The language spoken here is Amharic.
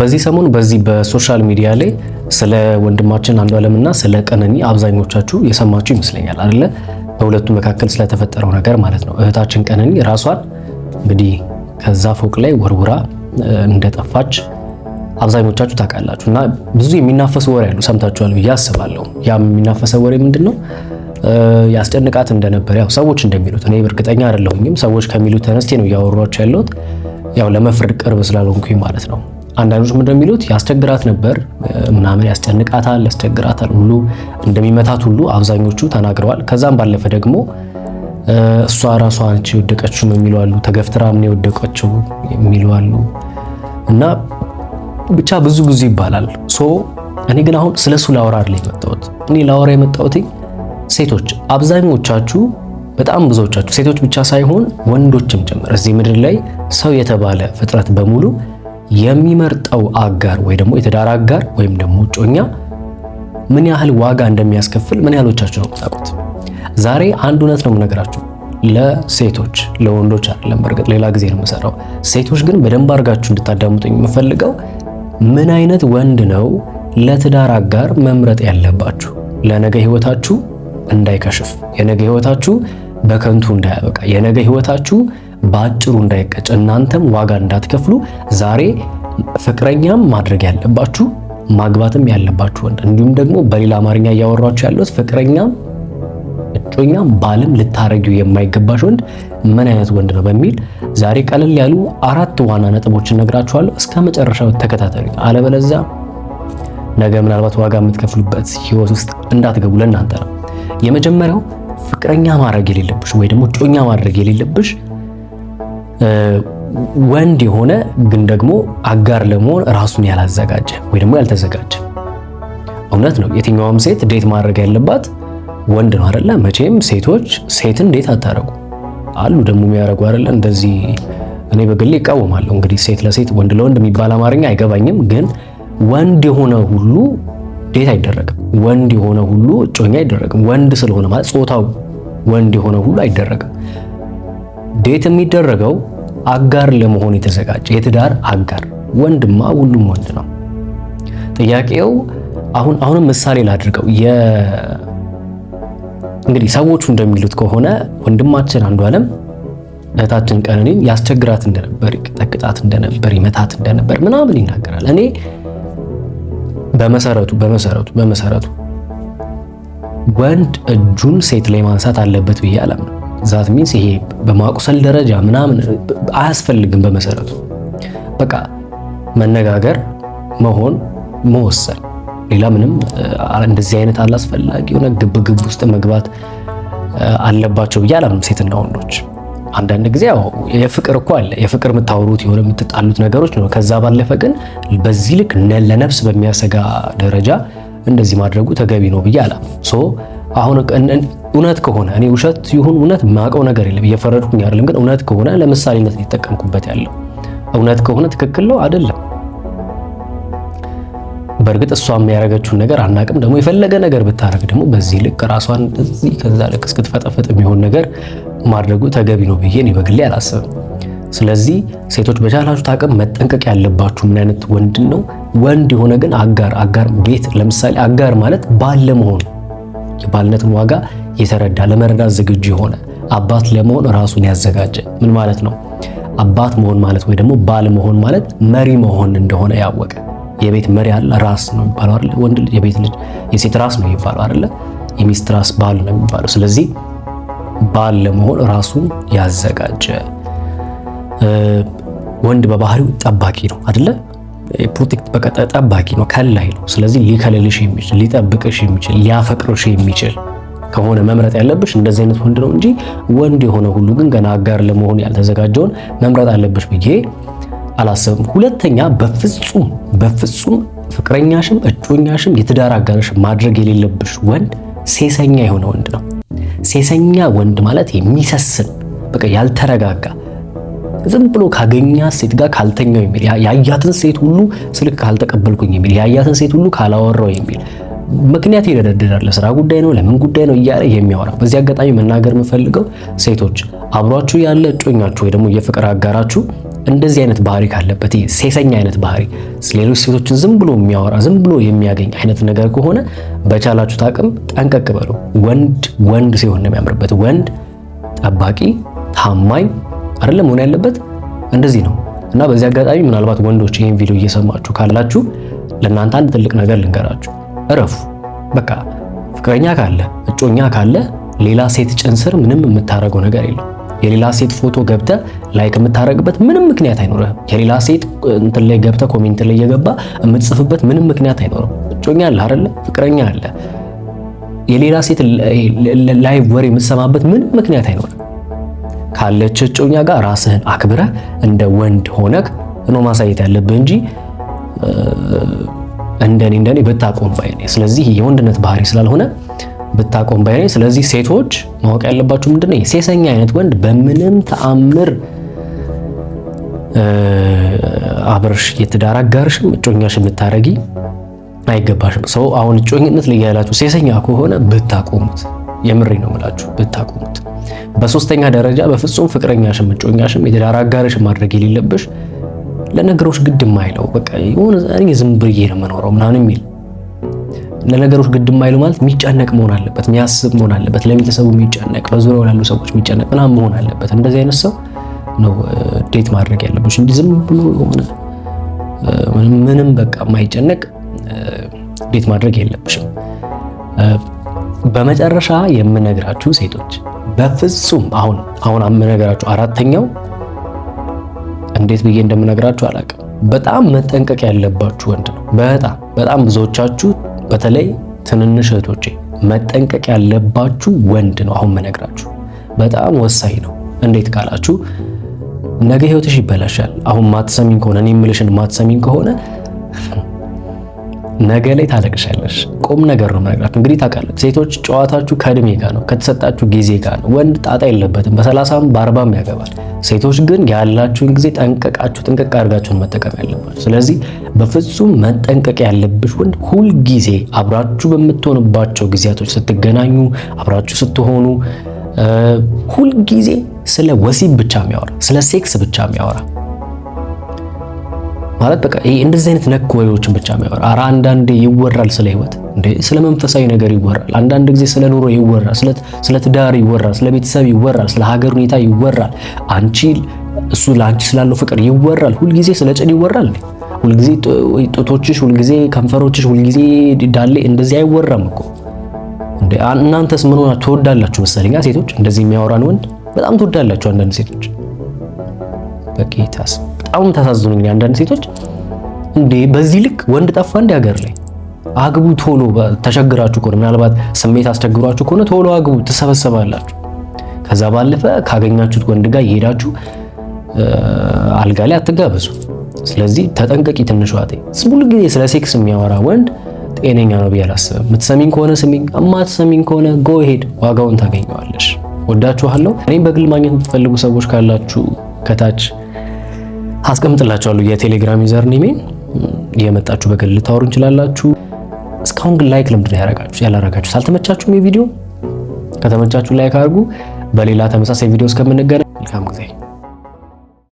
በዚህ ሰሞን በዚህ በሶሻል ሚዲያ ላይ ስለ ወንድማችን አንዷለምና ስለ ቀነኒ አብዛኞቻችሁ የሰማችሁ ይመስለኛል አይደለ? በሁለቱ መካከል ስለተፈጠረው ነገር ማለት ነው። እህታችን ቀነኒ ራሷን እንግዲህ ከዛ ፎቅ ላይ ወርውራ እንደጠፋች አብዛኞቻችሁ ታውቃላችሁ። እና ብዙ የሚናፈስ ወሬ ያሉ ሰምታችኋል ብዬ አስባለሁ። ያ የሚናፈሰ ወሬ ምንድን ነው? ያስጨንቃት እንደነበር ያው ሰዎች እንደሚሉት፣ እኔ እርግጠኛ አይደለሁኝም። ሰዎች ከሚሉት ተነስቴ ነው እያወሯቸው ያለሁት፣ ያው ለመፍረድ ቅርብ ስላልሆንኩኝ ማለት ነው። አንዳንዶች ምንድን የሚሉት ያስቸግራት ነበር ምናምን ያስጨንቃታል፣ ያስቸግራታል ሁሉ እንደሚመታት ሁሉ አብዛኞቹ ተናግረዋል። ከዛም ባለፈ ደግሞ እሷ ራሷ ነች የወደቀችው የሚሉ አሉ። ተገፍትራ ምን የወደቀችው የሚሉ አሉ። እና ብቻ ብዙ ብዙ ይባላል። ሶ እኔ ግን አሁን ስለሱ ላወራ አይደል የመጣሁት። እኔ ላወራ የመጣሁት ሴቶች አብዛኞቻችሁ፣ በጣም ብዙዎቻችሁ ሴቶች ብቻ ሳይሆን ወንዶችም ጭምር እዚህ ምድር ላይ ሰው የተባለ ፍጥረት በሙሉ የሚመርጠው አጋር ወይ ደግሞ የትዳር አጋር ወይም ደግሞ እጮኛ ምን ያህል ዋጋ እንደሚያስከፍል ምን ያህሎቻችሁ ነው የምታውቁት? ዛሬ አንድ እውነት ነው የምነግራችሁ ለሴቶች ለወንዶች አይደለም። በርግጥ ሌላ ጊዜ ነው የምሰራው። ሴቶች ግን በደንብ አድርጋችሁ እንድታዳምጡኝ የምፈልገው ምን አይነት ወንድ ነው ለትዳር አጋር መምረጥ ያለባችሁ ለነገ ህይወታችሁ እንዳይከሽፍ የነገ ህይወታችሁ በከንቱ እንዳያበቃ የነገ ህይወታችሁ በአጭሩ እንዳይቀጭ እናንተም ዋጋ እንዳትከፍሉ ዛሬ ፍቅረኛም ማድረግ ያለባችሁ ማግባትም ያለባችሁ ወንድ እንዲሁም ደግሞ በሌላ አማርኛ እያወራችሁ ያለሁት ፍቅረኛም እጮኛም ባልም ልታረጊው የማይገባሽ ወንድ ምን አይነት ወንድ ነው በሚል ዛሬ ቀለል ያሉ አራት ዋና ነጥቦችን ነግራችኋለሁ። እስከ መጨረሻው ተከታተሉ። አለበለዚያ ነገ ምናልባት ዋጋ የምትከፍሉበት ህይወት ውስጥ እንዳትገቡ ለእናንተ ነው። የመጀመሪያው ፍቅረኛ ማድረግ የሌለብሽ ወይ ደግሞ እጮኛ ማድረግ የሌለብሽ ወንድ የሆነ ግን ደግሞ አጋር ለመሆን ራሱን ያላዘጋጀ ወይ ደግሞ ያልተዘጋጀ። እውነት ነው፣ የትኛውም ሴት ዴት ማድረግ ያለባት ወንድ ነው አይደለ? መቼም ሴቶች ሴትን ዴት አታረጉ አሉ ደግሞ የሚያደርጉ አይደለ? እንደዚህ እኔ በግሌ ይቃወማለሁ። እንግዲህ ሴት ለሴት ወንድ ለወንድ የሚባል አማርኛ አይገባኝም፣ ግን ወንድ የሆነ ሁሉ ዴት አይደረግም። ወንድ የሆነ ሁሉ እጮኛ አይደረግም። ወንድ ስለሆነ ማለት ጾታው ወንድ የሆነ ሁሉ አይደረግም ዴት የሚደረገው አጋር ለመሆን የተዘጋጀ የትዳር አጋር ወንድማ ሁሉም ወንድ ነው። ጥያቄው አሁን አሁንም ምሳሌ ላድርገው። እንግዲህ ሰዎቹ እንደሚሉት ከሆነ ወንድማችን አንዱ አለም እህታችን ቀነኒን ያስቸግራት እንደነበር፣ ይቀጠቅጣት እንደነበር፣ ይመታት እንደነበር ምናምን ይናገራል። እኔ በመሰረቱ በመሰረቱ በመሰረቱ ወንድ እጁን ሴት ላይ ማንሳት አለበት ብዬ አላምነው። ዛት ሚንስ ይሄ በማቁሰል ደረጃ ምናምን አያስፈልግም። በመሰረቱ በቃ መነጋገር፣ መሆን፣ መወሰን ሌላ ምንም እንደዚህ አይነት አላስፈላጊ የሆነ ግብ ግብ ውስጥ መግባት አለባቸው ብዬ አላምንም። ሴትና ወንዶች አንዳንድ ጊዜ ያው የፍቅር እኮ አለ የፍቅር የምታወሩት የሆነ የምትጣሉት ነገሮች ነው። ከዛ ባለፈ ግን በዚህ ልክ ለነፍስ በሚያሰጋ ደረጃ እንደዚህ ማድረጉ ተገቢ ነው ብዬ አላምንም። ሶ አሁን እውነት ከሆነ እኔ ውሸት ይሁን እውነት ማቀው ነገር የለም እየፈረድኩኝ አይደለም። ግን እውነት ከሆነ ለምሳሌነት እየተጠቀምኩበት ያለው። እውነት ከሆነ ትክክል ነው አይደለም። በእርግጥ እሷ የሚያደርገችውን ነገር አናቅም። ደግሞ የፈለገ ነገር ብታረግ ደግሞ በዚህ ልክ ራሷን እዚህ ከዛ ልክ እስክትፈጠፈጥ የሚሆን ነገር ማድረጉ ተገቢ ነው ብዬ እኔ በግሌ አላስብም። ስለዚህ ሴቶች በቻላችሁት አቅም መጠንቀቅ ያለባችሁ ምን አይነት ወንድን ነው? ወንድ የሆነ ግን አጋር አጋር ቤት ለምሳሌ አጋር ማለት ባል ለመሆኑ የባልነትን ዋጋ የተረዳ ለመረዳት ዝግጁ የሆነ አባት ለመሆን ራሱን ያዘጋጀ ምን ማለት ነው? አባት መሆን ማለት ወይ ደግሞ ባል መሆን ማለት መሪ መሆን እንደሆነ ያወቀ የቤት መሪ አለ፣ ራስ ነው የሚባለው አይደል? ወንድ ልጅ የቤት ልጅ የሴት ራስ ነው የሚባለው አይደለ? የሚስት ራስ ባል ነው የሚባለው። ስለዚህ ባል ለመሆን ራሱን ያዘጋጀ ወንድ በባህሪው ጠባቂ ነው አይደለ? ፕሮቴክት በቀጠ ጠባቂ ነው፣ ከላይ ነው። ስለዚህ ሊከለልሽ የሚችል ሊጠብቅሽ የሚችል ሊያፈቅርሽ የሚችል ከሆነ መምረጥ ያለብሽ እንደዚህ አይነት ወንድ ነው እንጂ ወንድ የሆነ ሁሉ ግን ገና አጋር ለመሆን ያልተዘጋጀውን መምረጥ አለብሽ ብዬ አላስብም። ሁለተኛ በፍጹም በፍጹም ፍቅረኛሽም እጮኛሽም የትዳር አጋርሽ ማድረግ የሌለብሽ ወንድ ሴሰኛ የሆነ ወንድ ነው። ሴሰኛ ወንድ ማለት የሚሰስን በቃ ያልተረጋጋ ዝም ብሎ ካገኛ ሴት ጋር ካልተኛው የሚል ያያትን ሴት ሁሉ ስልክ ካልተቀበልኩኝ የሚል ያያትን ሴት ሁሉ ካላወራው የሚል ምክንያት ይደረደራል። ለስራ ጉዳይ ነው፣ ለምን ጉዳይ ነው እያለ የሚያወራ በዚህ አጋጣሚ መናገር የምፈልገው ሴቶች አብሯችሁ ያለ እጮኛችሁ ወይ ደግሞ የፍቅር አጋራችሁ እንደዚህ አይነት ባህሪ ካለበት ይሄ ሴሰኛ አይነት ባህሪ ሌሎች ሴቶችን ዝም ብሎ የሚያወራ ዝም ብሎ የሚያገኝ አይነት ነገር ከሆነ በቻላችሁት አቅም ጠንቀቅ በሉ። ወንድ ወንድ ሲሆን ነው የሚያምርበት። ወንድ ጠባቂ፣ ታማኝ አይደለም መሆን ያለበት እንደዚህ ነው። እና በዚህ አጋጣሚ ምናልባት ወንዶች ይህን ቪዲዮ እየሰማችሁ ካላችሁ ለእናንተ አንድ ትልቅ ነገር ልንገራችሁ። እረፉ። በቃ ፍቅረኛ ካለ እጮኛ ካለ ሌላ ሴት ጭንስር ስር ምንም የምታደርገው ነገር የለም። የሌላ ሴት ፎቶ ገብተ ላይክ የምታረግበት ምንም ምክንያት አይኖርም። የሌላ ሴት እንትን ላይ ገብተ ኮሜንት ላይ እየገባ የምትጽፍበት ምንም ምክንያት አይኖርም። እጮኛ አለ አይደለ? ፍቅረኛ አለ። የሌላ ሴት ላይ ወሬ የምትሰማበት ምንም ምክንያት አይኖርም። ካለች እጮኛ ጋር ራስህን አክብረህ እንደ ወንድ ሆነክ ነው ማሳየት ያለብህ እንጂ እንደኔ እንደኔ ብታቆም ባይኔ። ስለዚህ የወንድነት ባህሪ ስላልሆነ ብታቆም ባይኔ። ስለዚህ ሴቶች ማወቅ ያለባችሁ ምንድነው ሴሰኛ አይነት ወንድ በምንም ተአምር አብረሽ የትዳር አጋርሽም እጮኛሽ የምታረጊ አይገባሽም። ሰው አሁን እጮኝነት ላይ ያላችሁ ሴሰኛ ከሆነ ብታቆሙት፣ የምሬ ነው ምላችሁ ብታቆሙት። በሶስተኛ ደረጃ በፍጹም ፍቅረኛሽም እጮኛሽም የትዳር ማድረግ የሌለብሽ ለነገሮች ግድ የማይለው በቃ ይሁን እኔ ዝም ብዬ ነው የምኖረው ምናምን የሚል ለነገሮች ግድ የማይለው ማለት የሚጨነቅ መሆን አለበት፣ የሚያስብ መሆን አለበት፣ ለቤተሰቡ የሚጨነቅ በዙሪያው ላሉ ሰዎች የሚጨነቅ ምናምን መሆን አለበት። እንደዚህ አይነት ሰው ነው ዴት ማድረግ ያለብሽ እንጂ ዝም ብሎ የሆነ ምንም በቃ የማይጨነቅ ዴት ማድረግ የለብሽም። በመጨረሻ የምነግራችሁ ሴቶች በፍጹም አሁን አሁን የምነግራችሁ አራተኛው እንዴት ብዬ እንደምነግራችሁ አላውቅም። በጣም መጠንቀቅ ያለባችሁ ወንድ ነው። በጣም በጣም ብዙዎቻችሁ በተለይ ትንንሽ እህቶቼ መጠንቀቅ ያለባችሁ ወንድ ነው አሁን መነግራችሁ። በጣም ወሳኝ ነው። እንዴት ካላችሁ ነገ ህይወትሽ ይበላሻል። አሁን ማትሰሚኝ ከሆነ እኔ የምልሽን ማትሰሚኝ ከሆነ ነገ ላይ ታለቅሻለሽ። ቁም ነገር ነው የምነግራችሁ። እንግዲህ ታውቃለች ሴቶች ጨዋታችሁ ከእድሜ ጋር ነው፣ ከተሰጣችሁ ጊዜ ጋር ነው። ወንድ ጣጣ የለበትም፣ በሰላሳም በአርባም ያገባል። ሴቶች ግን ያላችሁን ጊዜ ጠንቀቃችሁ ጥንቀቅ አድርጋችሁን መጠቀም ያለባችሁ። ስለዚህ በፍጹም መጠንቀቅ ያለብሽ ወንድ ጊዜ አብራችሁ በምትሆንባቸው ጊዜያቶች ስትገናኙ፣ አብራችሁ ስትሆኑ ሁል ጊዜ ስለ ወሲብ ብቻ የሚያወራ ስለ ሴክስ ብቻ የሚያወራ ማለት በቃ ይሄ እንደዚህ አይነት ነክ ወሬዎችን ብቻ የሚያወራ ኧረ አንዳንዴ ይወራል ስለ ህይወት እንዴ ስለ መንፈሳዊ ነገር ይወራል። አንዳንድ ጊዜ ስለ ኑሮ ይወራል፣ ስለ ትዳር ይወራል፣ ስለ ቤተሰብ ይወራል፣ ስለ ሀገር ሁኔታ ይወራል። አንቺ እሱ ለአንቺ ስላለው ፍቅር ይወራል። ሁልጊዜ ስለ ጭን ይወራል። ሁልጊዜ ጡቶችሽ፣ ሁልጊዜ ከንፈሮችሽ፣ ሁልጊዜ ዳሌ እንደዚህ አይወራም እኮ እንዴ። እናንተስ ምን ሆናችሁ ትወዳላችሁ መሰለኛ ሴቶች እንደዚህ የሚያወራን ወንድ በጣም ትወዳላችሁ። አንዳንድ ሴቶች በጌታስ በጣም ተሳዝኑኝ አንዳንድ ሴቶች እንዴ በዚህ ልክ ወንድ ጠፋ እንዴ ሀገር ላይ አግቡ ቶሎ ተቸግራችሁ ከሆነ ምናልባት ስሜት አስቸግሯችሁ ከሆነ ቶሎ አግቡ ትሰበሰባላችሁ ከዛ ባለፈ ካገኛችሁት ወንድ ጋር እየሄዳችሁ አልጋ ላይ አትጋበዙ ስለዚህ ተጠንቀቂ ትንሿ እቴ ሁልጊዜ ስለ ሴክስ የሚያወራ ወንድ ጤነኛ ነው ብዬ አላስብም የምትሰሚኝ ከሆነ ስሚኝ እማትሰሚኝ ከሆነ ጎ ሄድ ዋጋውን ታገኘዋለሽ ወዳችኋለሁ እኔም በግል ማግኘት የምትፈልጉ ሰዎች ካላችሁ ከታች አስቀምጥላችኋለሁ የቴሌግራም ዩዘር ኔሜን። የመጣችሁ በግል ልታወሩ እንችላላችሁ። እስካሁን ግን ላይክ ለምድ ነው ያላረጋችሁ? ሳልተመቻችሁም የቪዲዮ ከተመቻችሁ ላይክ አድርጉ። በሌላ ተመሳሳይ ቪዲዮ እስከምንገናኝ መልካም ጊዜ